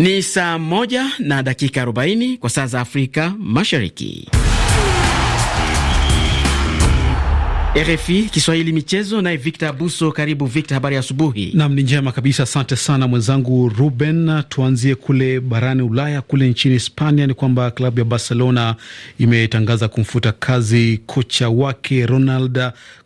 Ni saa moja na dakika arobaini kwa saa za Afrika Mashariki. RFI Kiswahili michezo, naye Victor Abuso. Karibu Victor, habari ya asubuhi. Nam, ni njema kabisa, asante sana mwenzangu Ruben. Tuanzie kule barani Ulaya, kule nchini Hispania ni kwamba klabu ya Barcelona imetangaza kumfuta kazi kocha wake Ronald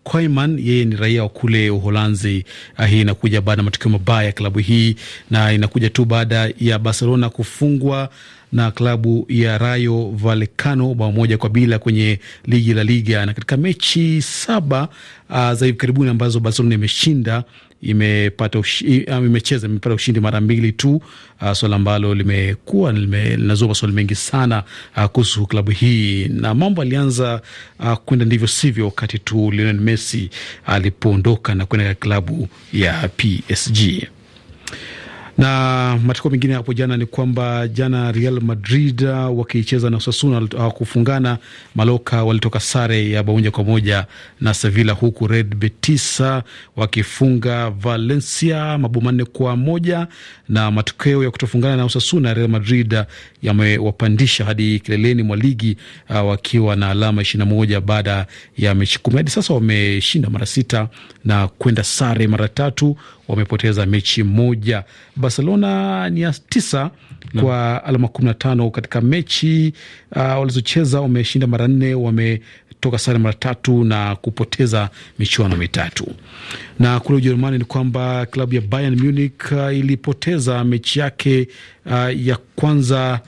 Koeman. Yeye ni raia wa kule Uholanzi. Ah, hii inakuja baada ya matukio mabaya ya klabu hii na inakuja tu baada ya Barcelona kufungwa na klabu ya Rayo Vallecano bao moja kwa bila kwenye ligi la Liga, na katika mechi saba uh, za hivi karibuni ambazo Barcelona imeshinda imepata ah, imecheza imepata ushindi mara mbili tu, uh, swala ambalo limekuwa linazua maswali mengi sana uh, kuhusu klabu hii, na mambo alianza uh, kwenda ndivyo sivyo wakati tu Lionel Messi alipoondoka uh, na kwenda katika klabu ya PSG. Na matokeo mengine hapo jana ni kwamba jana Real Madrid wakicheza na Osasuna hawakufungana. Maloka walitoka sare ya bao moja kwa moja na Sevilla, huku Red Betis wakifunga Valencia mabao manne kwa moja. Na matokeo ya kutofungana na Osasuna, Real Madrid yamewapandisha hadi kileleni mwa ligi ah, wakiwa na alama ishirini na moja baada ya mechi kumi. Hadi sasa wameshinda mara sita na kwenda sare mara tatu wamepoteza mechi moja. Barcelona ni ya tisa na kwa alama tano katika mechi uh, walizocheza. Wameshinda mara nne, wametoka sare mara tatu na kupoteza michuano mitatu. Na kule Ujerumani ni kwamba klabu ya Bayern Munich uh, ilipoteza mechi yake uh, ya kwanza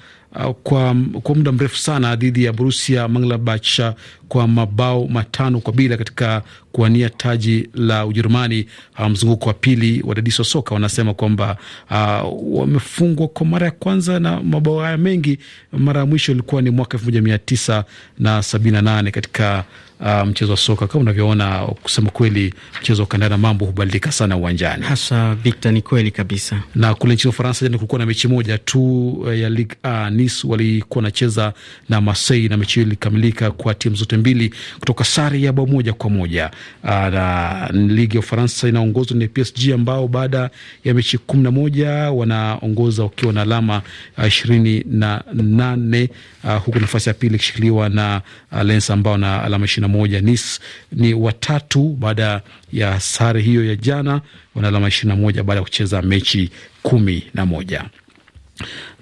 kwa, kwa muda mrefu sana dhidi ya Borussia Mönchengladbach kwa mabao matano kwa bila katika kuwania taji la Ujerumani mzunguko wa pili. Wadadisi wa soka wanasema kwamba uh, wamefungwa kwa mara ya kwanza na mabao haya mengi. Mara ya mwisho ilikuwa ni mwaka elfu moja mia tisa na sabini na nane katika uh, mchezo wa soka kama unavyoona, kusema kweli, mchezo wa kandanda mambo hubadilika sana uwanjani, hasa Victor. Ni kweli kabisa. Na kule nchini Ufaransa jana kulikuwa na mechi moja tu uh, ya Ligue 1 Nice walikuwa wanacheza na Marseille na mechi hiyo ilikamilika kwa timu zote mbili kutoka sare ya bao moja kwa moja. Uh, na ligi ya Ufaransa inaongozwa ni PSG ambao baada ya mechi kumi na moja wanaongoza wakiwa na alama ah, ishirini uh, na nane uh, huku nafasi ya pili ikishikiliwa na uh, Lens ambao na alama ishirini na moja. Nice ni watatu baada ya sare hiyo ya jana, wana alama ishirini na moja baada ya kucheza mechi kumi na moja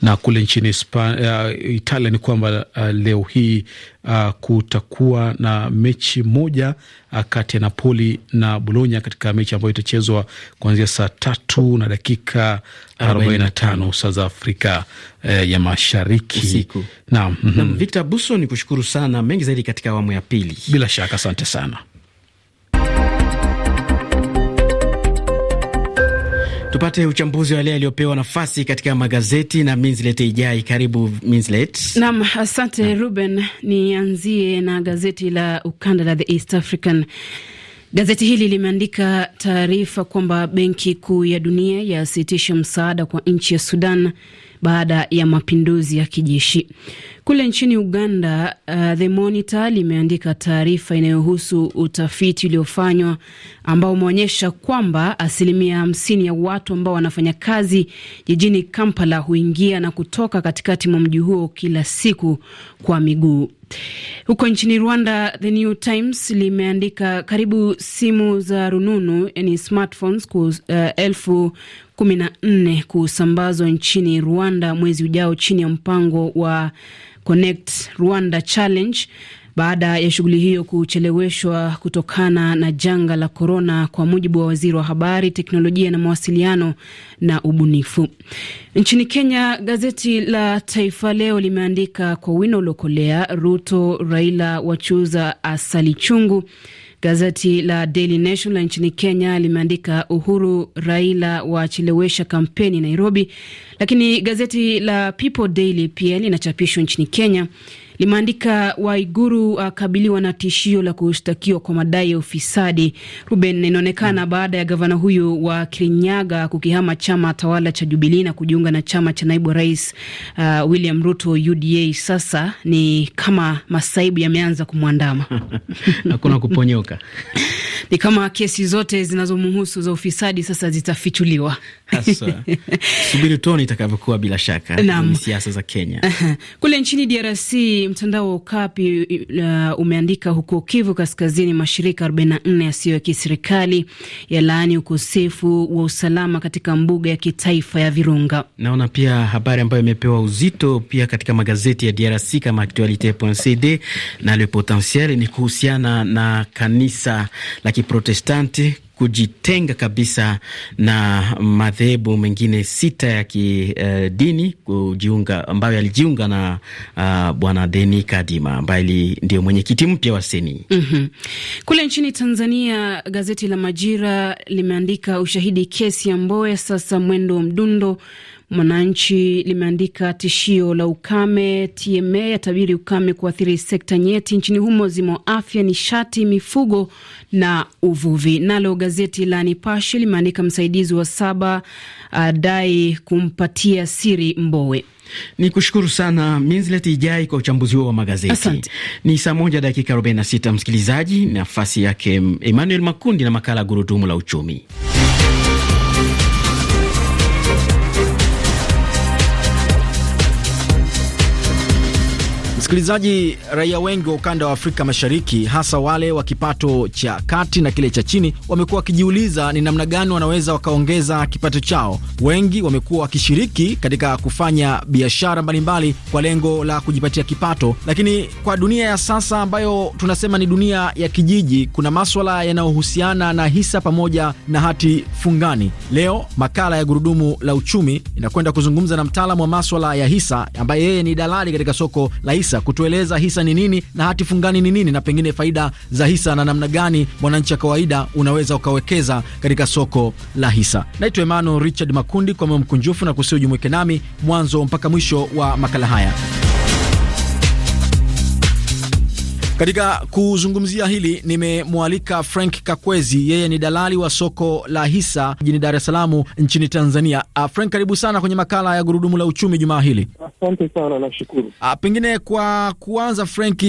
na kule nchini Hispania, uh, eh, Italia ni kwamba uh, leo hii uh, kutakuwa na mechi moja uh, kati ya Napoli na Bologna katika mechi ambayo itachezwa kuanzia saa tatu na dakika 45 saa za Afrika uh, ya Mashariki. Naam, mhm. Victor Buso, ni kushukuru sana mengi zaidi katika awamu ya pili. Bila shaka, asante sana. Tupate uchambuzi wa yale yaliyopewa nafasi katika magazeti na Minslet Ijai. Karibu Minslet. Naam, asante na Ruben, nianzie na gazeti la ukanda la The East African. Gazeti hili limeandika taarifa kwamba Benki Kuu ya Dunia yasitisha msaada kwa nchi ya Sudan baada ya mapinduzi ya kijeshi. Kule nchini Uganda, uh, The Monitor limeandika taarifa inayohusu utafiti uliofanywa ambao umeonyesha kwamba asilimia hamsini ya watu ambao wanafanya kazi jijini Kampala huingia na kutoka katikati mwa mji huo kila siku kwa miguu. Huko nchini Rwanda, The New Times limeandika karibu simu za rununu, yani smartphones, uh, elfu kumi na nne kusambazwa nchini Rwanda mwezi ujao chini ya mpango wa Connect Rwanda Challenge baada ya shughuli hiyo kucheleweshwa kutokana na janga la korona, kwa mujibu wa waziri wa habari, teknolojia na mawasiliano na ubunifu. Nchini Kenya, gazeti la Taifa Leo limeandika kwa wino uliokolea, Ruto Raila wachuza asali chungu Gazeti la Daily Nation la nchini Kenya limeandika Uhuru Raila wachelewesha kampeni Nairobi, lakini gazeti la People Daily pia linachapishwa nchini Kenya limeandika Waiguru akabiliwa uh, na tishio la kushtakiwa kwa madai ya ufisadi. Ruben, inaonekana baada ya gavana huyu wa Kirinyaga kukihama chama tawala cha jubili na kujiunga na chama cha naibu rais uh, William Ruto UDA, sasa ni kama masaibu yameanza kumwandama hakuna kuponyoka ni kama kesi zote zinazomhusu za ufisadi sasa zitafichuliwa Subiri tuone itakavyokuwa, bila shaka siasa za Kenya. Kule nchini DRC mtandao wa Ukapi uh, umeandika huko Kivu Kaskazini, mashirika 44 yasiyo ya kiserikali yalaani ukosefu wa usalama katika mbuga ya kitaifa ya Virunga. Naona pia habari ambayo imepewa uzito pia katika magazeti ya DRC kama Actualite.cd na Le Potentiel ni kuhusiana na kanisa la Kiprotestanti kujitenga kabisa na madhehebu mengine sita ya kidini uh, kujiunga ambayo alijiunga na uh, bwana Deni Kadima ambaye ndio mwenyekiti mpya wa Seni. mm -hmm. Kule nchini Tanzania, gazeti la Majira limeandika ushahidi kesi ya Mboya sasa mwendo mdundo Mwananchi limeandika tishio la ukame, TMA yatabiri ukame kuathiri sekta nyeti nchini humo zimo afya, nishati, mifugo na uvuvi. Nalo gazeti la Nipashe limeandika msaidizi wa saba adai kumpatia siri Mbowe. Ni kushukuru sana Minlet Ijai kwa uchambuzi huo wa magazeti. Asante. Ni saa moja dakika 46, msikilizaji. Nafasi yake Emmanuel Makundi na makala ya gurudumu la uchumi. Msikilizaji, raia wengi wa ukanda wa Afrika Mashariki, hasa wale wa kipato cha kati na kile cha chini, wamekuwa wakijiuliza ni namna gani wanaweza wakaongeza kipato chao. Wengi wamekuwa wakishiriki katika kufanya biashara mbalimbali kwa lengo la kujipatia kipato, lakini kwa dunia ya sasa ambayo tunasema ni dunia ya kijiji, kuna maswala yanayohusiana na hisa pamoja na hati fungani. Leo makala ya Gurudumu la Uchumi inakwenda kuzungumza na mtaalamu wa maswala ya hisa ambaye yeye ni dalali katika soko la hisa hisa, kutueleza hisa ni nini na hati fungani ni nini, na pengine faida za hisa na namna gani mwananchi wa kawaida unaweza ukawekeza katika soko la hisa. Naitwa Emmanuel Richard Makundi, kwa moyo mkunjufu na kusio jumuike nami mwanzo mpaka mwisho wa makala haya. Katika kuzungumzia hili nimemwalika Frank Kakwezi, yeye ni dalali wa soko la hisa jijini Dar es Salaam nchini Tanzania. Uh, Frank, karibu sana kwenye makala ya gurudumu la uchumi jumaa hili. Asante sana, nashukuru. Uh, pengine kwa kuanza, Frank,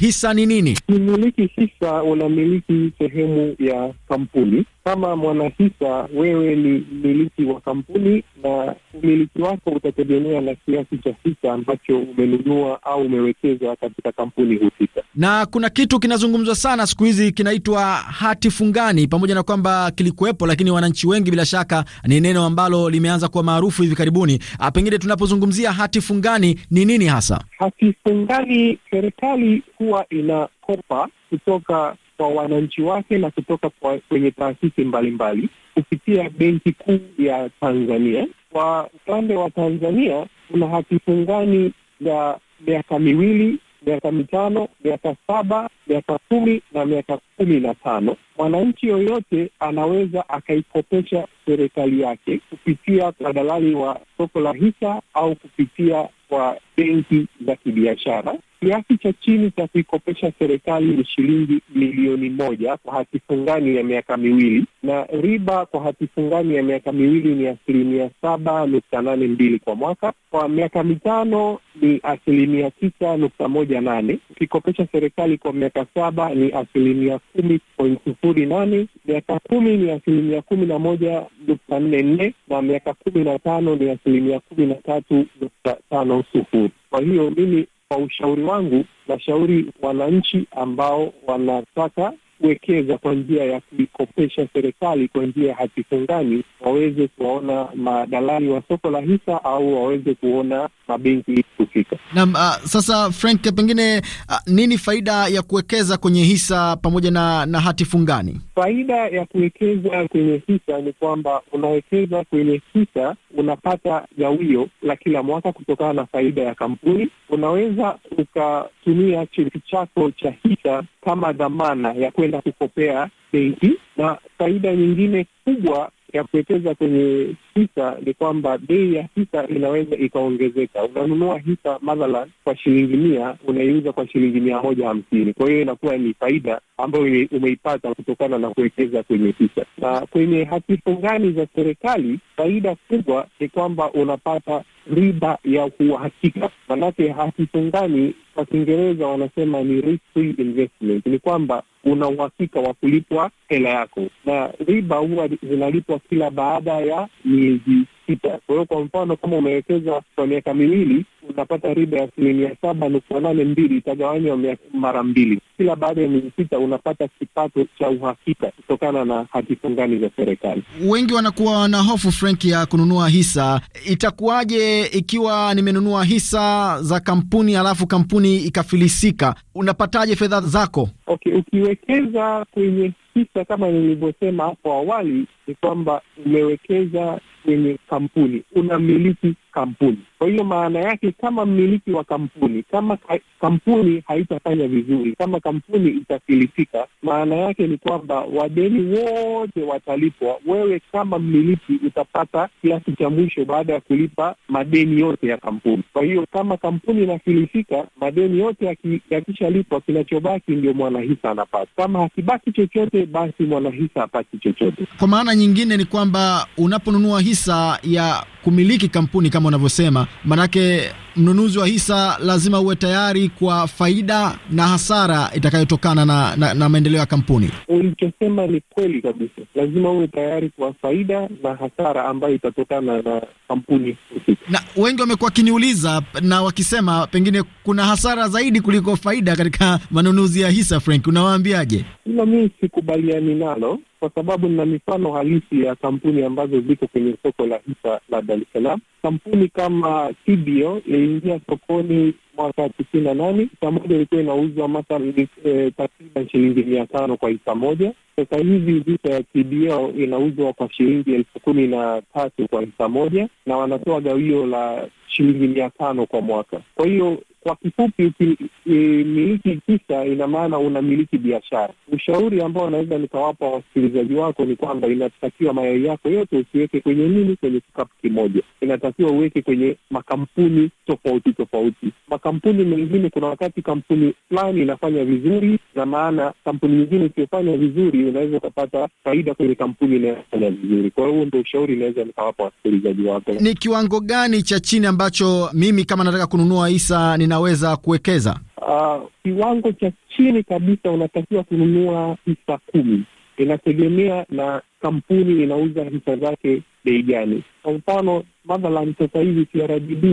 hisa ni nini? Mmiliki hisa unamiliki sehemu ya kampuni kama mwanahisa, wewe ni mmiliki wa kampuni na umiliki wako utategemea na kiasi cha hisa ambacho umenunua au umewekeza katika kampuni husika. Na kuna kitu kinazungumzwa sana siku hizi kinaitwa hati fungani, pamoja na kwamba kilikuwepo, lakini wananchi wengi bila shaka, ni neno ambalo limeanza kuwa maarufu hivi karibuni. Ah, pengine tunapozungumzia hati fungani ni nini hasa hati fungani? Serikali huwa inakopa kutoka kwa wananchi wake na kutoka kwa kwenye taasisi mbalimbali kupitia Benki Kuu ya Tanzania. Kwa upande wa Tanzania kuna hati fungani ya miaka miwili, miaka mitano, miaka saba, miaka kumi na miaka kumi na tano. Mwananchi yoyote anaweza akaikopesha serikali yake kupitia kwa dalali wa soko la hisa au kupitia kwa benki za kibiashara Kiasi cha chini cha kuikopesha serikali ni shilingi milioni moja kwa hati fungani ya miaka miwili, na riba kwa hati fungani ya miaka miwili ni asilimia saba nukta nane mbili kwa mwaka. Kwa miaka mitano ni asilimia tisa nukta moja nane. Ukikopesha serikali kwa miaka saba ni asilimia kumi point sufuri nane. Miaka kumi ni asilimia kumi na moja nukta nne nne na miaka kumi na tano ni asilimia kumi na tatu nukta tano sufuri. Kwa hiyo mimi kwa ushauri wangu, nashauri wananchi ambao wanataka kuwekeza kwa njia ya kuikopesha serikali kwa njia ya hati fungani, waweze kuwaona madalali wa soko la hisa au waweze kuona mabenki husika. Naam. Uh, sasa Frank, pengine uh, nini faida ya kuwekeza kwenye hisa pamoja na, na hati fungani? Faida ya kuwekeza kwenye hisa ni kwamba unawekeza kwenye hisa, unapata gawio la kila mwaka kutokana na faida ya kampuni. Unaweza ukatumia cheti chako cha hisa kama dhamana ya kwenye kwenda kukopea benki. Na faida nyingine kubwa ya kuwekeza kwenye hisa ni kwamba bei ya hisa inaweza ikaongezeka. Unanunua hisa mathalan kwa shilingi mia, unaiuza kwa shilingi mia moja hamsini. Kwa hiyo inakuwa ni faida ambayo umeipata kutokana na kuwekeza kwenye hisa. Na kwenye hati fungani za serikali, faida kubwa ni kwamba unapata riba ya uhakika, manake hatitungani. Kwa Kiingereza wanasema ni risk-free investment, ni kwamba una uhakika wa kulipwa hela yako, na riba huwa zinalipwa kila baada ya miezi sita. Kwa hiyo kwa mfano, kama umewekeza kwa miaka miwili unapata riba ya asilimia saba nukta nane mbili itagawanywa mara mbili. Kila baada ya miezi sita unapata kipato cha uhakika kutokana na hati fungani za serikali. Wengi wanakuwa na hofu Frank, ya kununua hisa. Itakuwaje ikiwa nimenunua hisa za kampuni alafu kampuni ikafilisika? Unapataje fedha zako? Okay, ukiwekeza kwenye hisa kama nilivyosema hapo awali, ni kwamba umewekeza kwenye kampuni, unamiliki kampuni. Kwa hiyo maana yake kama mmiliki wa kampuni, kama kampuni haitafanya vizuri, kama kampuni itafilisika maana yake ni kwamba wadeni wote watalipwa. Wewe kama mmiliki utapata kiasi cha mwisho baada ya kulipa madeni yote ya kampuni. Kwa hiyo kama kampuni inafilisika madeni yote yakishalipwa, kinachobaki ndio mwanahisa anapata. Kama hakibaki chochote, basi mwanahisa hapati chochote. Kwa maana nyingine ni kwamba unaponunua hisa hisa ya kumiliki kampuni kama unavyosema, manake mnunuzi wa hisa lazima uwe tayari kwa faida na hasara itakayotokana na, na, na maendeleo ya kampuni. Ulichosema ni kweli kabisa, lazima uwe tayari kwa faida na hasara ambayo itatokana na kampuni husika. Na wengi wamekuwa wakiniuliza na wakisema pengine kuna hasara zaidi kuliko faida katika manunuzi ya hisa. Frank, unawaambiaje? Ila mii sikubaliani nalo kwa sababu nina mifano halisi ya kampuni ambazo ziko kwenye soko la hisa la Dar es Salaam. Kampuni kama Tibio iliingia sokoni mwaka tisini na nane. Hisa moja ilikuwa inauzwa mathalan e, takriban shilingi mia tano kwa hisa moja. Sasa hivi hisa ya TBO inauzwa kwa shilingi elfu kumi na tatu kwa hisa moja, na wanatoa gawio la shilingi mia tano kwa mwaka. Kwa hiyo kwa kifupi, ukimiliki e, hisa ina maana unamiliki biashara. Ushauri ambao anaweza nikawapa wasikilizaji wako ni kwamba inatakiwa mayai yako yote usiweke kwenye nini, kwenye kikapu kimoja. Inatakiwa uweke kwenye makampuni tofauti tofauti. Makampuni mengine, kuna wakati kampuni fulani inafanya vizuri, na maana kampuni nyingine isiyofanya vizuri, unaweza ukapata faida kwenye kampuni inayofanya vizuri. Kwa hiyo huo ndo ushauri inaweza nikawapa wasikilizaji wako. Ni kiwango gani cha chini ambacho ambacho mimi kama nataka kununua hisa ninaweza kuwekeza? Ah, kiwango uh, cha chini kabisa unatakiwa kununua hisa kumi. Inategemea na kampuni inauza hisa zake bei gani. Kwa mfano mathalan, sasa hivi CRDB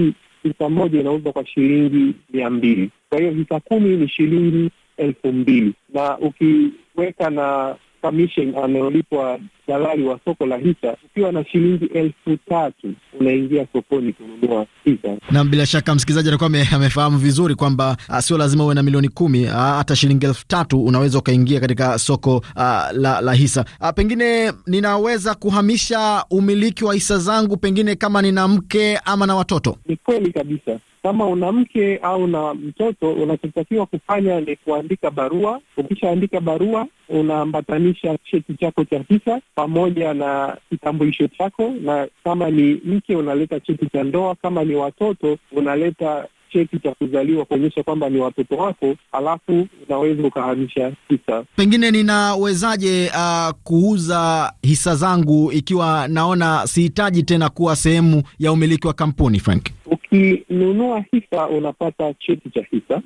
hisa moja inauzwa kwa shilingi mia mbili. Kwa hiyo hisa kumi ni shilingi elfu mbili na ukiweka na commission anayolipwa dalali wa soko la hisa, ukiwa na shilingi elfu tatu unaingia sokoni kununua hisa. Na bila shaka msikilizaji atakuwa amefahamu vizuri kwamba ah, sio lazima uwe na milioni kumi, ah, hata shilingi elfu tatu unaweza ukaingia katika soko a, ah, la, la hisa. A, pengine ninaweza kuhamisha umiliki wa hisa zangu, pengine kama nina mke ama na watoto. Ni kweli kabisa kama una mke au na mtoto, unachotakiwa kufanya ni kuandika barua. Ukishaandika barua, unaambatanisha cheti chako cha visa pamoja na kitambulisho chako, na kama ni mke unaleta cheti cha ndoa, kama ni watoto unaleta cheti cha kuzaliwa kuonyesha kwamba ni watoto wako, alafu unaweza ukahamisha hisa. Pengine ninawezaje uh, kuuza hisa zangu ikiwa naona sihitaji tena kuwa sehemu ya umiliki wa kampuni Frank? Ukinunua hisa unapata cheti cha hisa.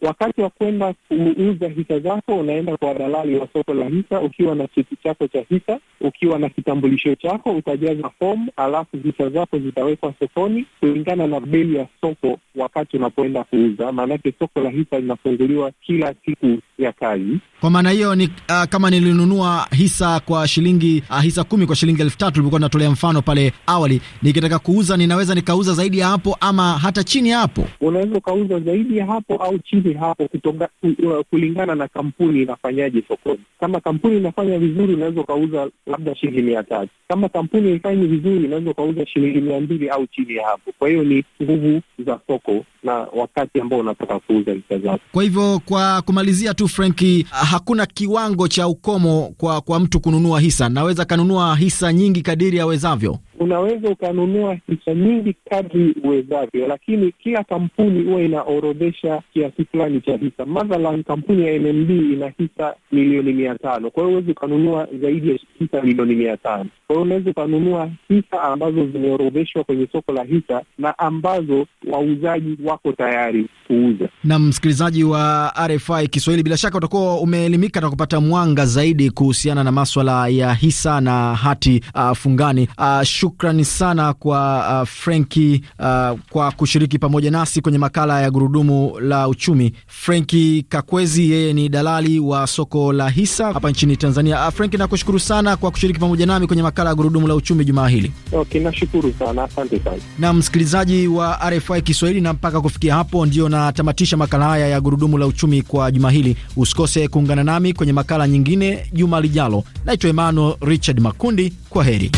Wakati wa kwenda kuuza hisa zako, unaenda kwa dalali wa soko la hisa ukiwa na cheti chako cha hisa, ukiwa na kitambulisho chako, utajaza fomu, alafu hisa zako zitawekwa sokoni kulingana na bei ya soko wakati unapoenda kuuza. Maanake soko la hisa linafunguliwa kila siku ya kazi. Kwa maana hiyo ni uh, kama nilinunua hisa kwa shilingi uh, hisa kumi kwa shilingi elfu tatu nilikuwa natolea mfano pale awali, nikitaka kuuza ninaweza nikauza zaidi ya hapo ama hata chini hapo? Unaweza ukauza zaidi ya hapo au chini hapo kutonga, uh, kulingana na kampuni inafanyaje sokoni. Kama kampuni inafanya vizuri, unaweza ukauza labda shilingi mia tatu. Kama kampuni haifanyi vizuri, unaweza ukauza shilingi mia mbili au chini ya hapo. Kwa hiyo ni nguvu za soko na wakati ambao unataka kuuza bidhaa zako. Kwa hivyo, kwa kumalizia tu Frenki, hakuna kiwango cha ukomo kwa, kwa mtu kununua hisa. Naweza kanunua hisa nyingi kadiri awezavyo unaweza ukanunua hisa nyingi kadri uwezavyo, lakini kila kampuni huwa inaorodhesha kiasi fulani cha hisa. Mathalan, kampuni ya NMB ina hisa milioni mia tano. Kwa hiyo huwezi ukanunua zaidi ya hisa milioni mia tano. Kwa hiyo unaweza ukanunua hisa ambazo zimeorodheshwa kwenye soko la hisa na ambazo wauzaji wako tayari kuuza. Na msikilizaji wa RFI Kiswahili, bila shaka utakuwa umeelimika na kupata mwanga zaidi kuhusiana na maswala ya hisa na hati uh, fungani uh, shukrani sana kwa uh, Frenki uh, kwa kushiriki pamoja nasi kwenye makala ya gurudumu la uchumi. Frenki Kakwezi, yeye ni dalali wa soko la hisa hapa nchini Tanzania. Uh, Frenki, nakushukuru sana kwa kushiriki pamoja nami kwenye makala ya gurudumu la uchumi jumaa hili. Okay, nashukuru sana, asante sana. Na msikilizaji wa RFI Kiswahili, na mpaka kufikia hapo ndio natamatisha makala haya ya gurudumu la uchumi kwa juma hili. Usikose kuungana nami kwenye makala nyingine juma lijalo. Naitwa Emmanuel Richard Makundi, kwa heri.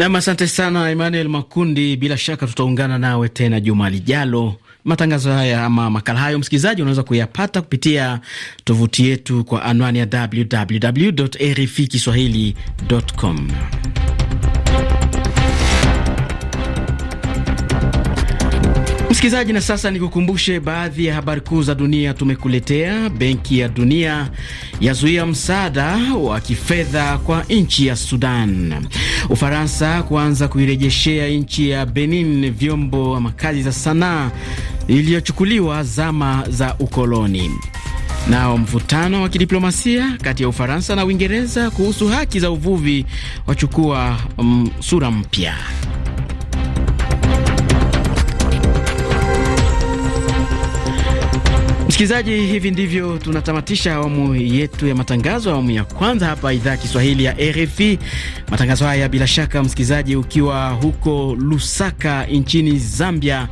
Nam, asante sana Emmanuel Makundi. Bila shaka tutaungana nawe tena juma lijalo. Matangazo haya ama makala hayo, msikilizaji, unaweza kuyapata kupitia tovuti yetu kwa anwani ya www RFI kiswahili com. Msikilizaji, na sasa nikukumbushe baadhi ya habari kuu za dunia tumekuletea. Benki ya Dunia yazuia msaada wa kifedha kwa nchi ya Sudan. Ufaransa kuanza kuirejeshea nchi ya Benin vyombo ama kazi za sanaa iliyochukuliwa zama za ukoloni. Nao mvutano wa kidiplomasia kati ya Ufaransa na Uingereza kuhusu haki za uvuvi wachukua um, sura mpya. Msikilizaji, hivi ndivyo tunatamatisha awamu yetu ya matangazo, awamu ya kwanza hapa idhaa Kiswahili ya RFI. Matangazo haya bila shaka, msikilizaji, ukiwa huko Lusaka nchini Zambia,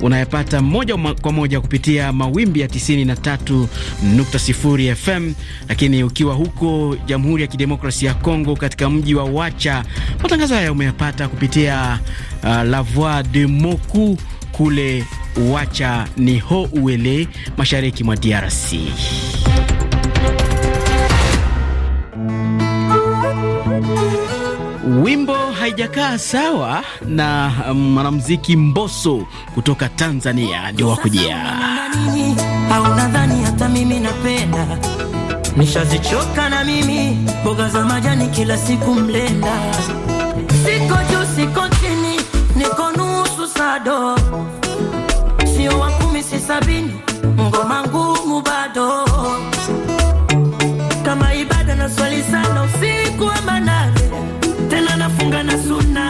unayapata moja kwa moja kupitia mawimbi ya 93.0 FM, lakini ukiwa huko Jamhuri ya Kidemokrasia ya Kongo katika mji wa Wacha, matangazo haya umeyapata kupitia uh, La Voix de Moku kule wacha ni ho uele mashariki mwa DRC. Wimbo haijakaa sawa na um, mwanamuziki um, Mboso kutoka Tanzania ndio wakujia. Au nadhani hata mimi napenda, nishazichoka na mimi mboga za majani kila siku mlenda, siko juu siko chini, niko nusu sado sio wa kumi, si sabini, ngoma ngumu bado kama ibada na swali sana usiku wa manane, tena nafunga na suna,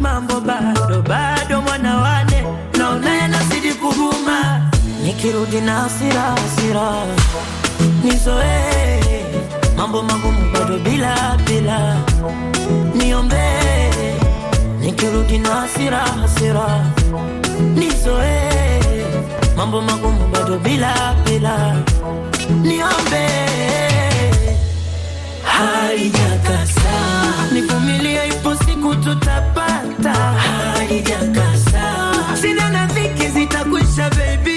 mambo bado bado, mwana wane naona yanazidi kuguma, nikirudi na hasira hasira nizoe mambo magumu bado bila bila niombe nikirudi na nizoe mambo magumu bado bila bila, niombe haijakasa, familia ipo siku tutapata, haijakasa, sina na dhiki zitakwisha baby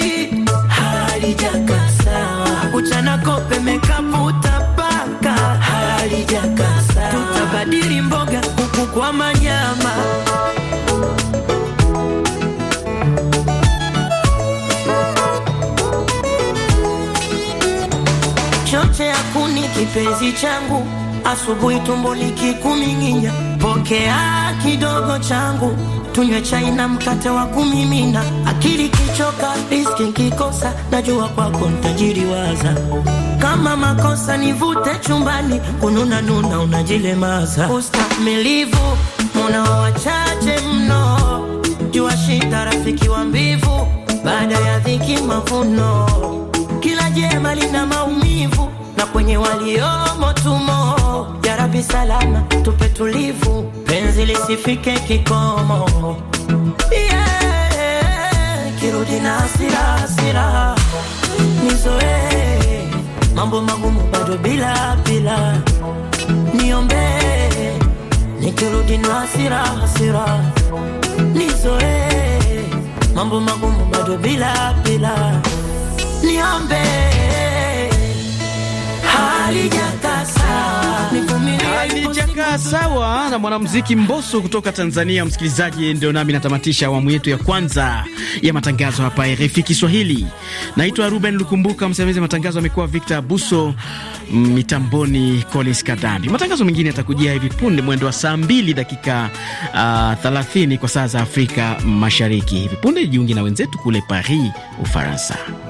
kipenzi changu, asubuhi tumbo likikuminginya, pokea kidogo changu, tunywe chai na mkate wa kumimina. Akili kichoka, riski nkikosa, najua kwako waza Kama makosa nivute chumbani, kununa nuna unajilemaza. Ustamilivu muna wachache mno, jua shinda rafiki wa mbivu, baada ya dhiki mavuno, kila jema lina maumivu na kwenye waliomo tumo. Ya Rabi salama tupe tulivu, penzi lisifike kikomo. Yeah, kirudi na asira asira, nizoe mambo magumu bado bila bila, niombe nikirudi na asira asira, nizoe mambo magumu bado bila bila, niombe halijakaa sawa na mwanamuziki mboso kutoka Tanzania. Msikilizaji, ndio nami natamatisha awamu yetu ya kwanza ya matangazo hapa RFI Kiswahili. Naitwa Ruben Lukumbuka, msimamizi matangazo amekuwa Victor Buso, mitamboni Collins Kadambi. Matangazo mengine yatakujia hivi punde mwendo wa saa 2 dakika uh, ah, 30 kwa saa za Afrika Mashariki. Hivi punde jiunge na wenzetu kule Paris, Ufaransa.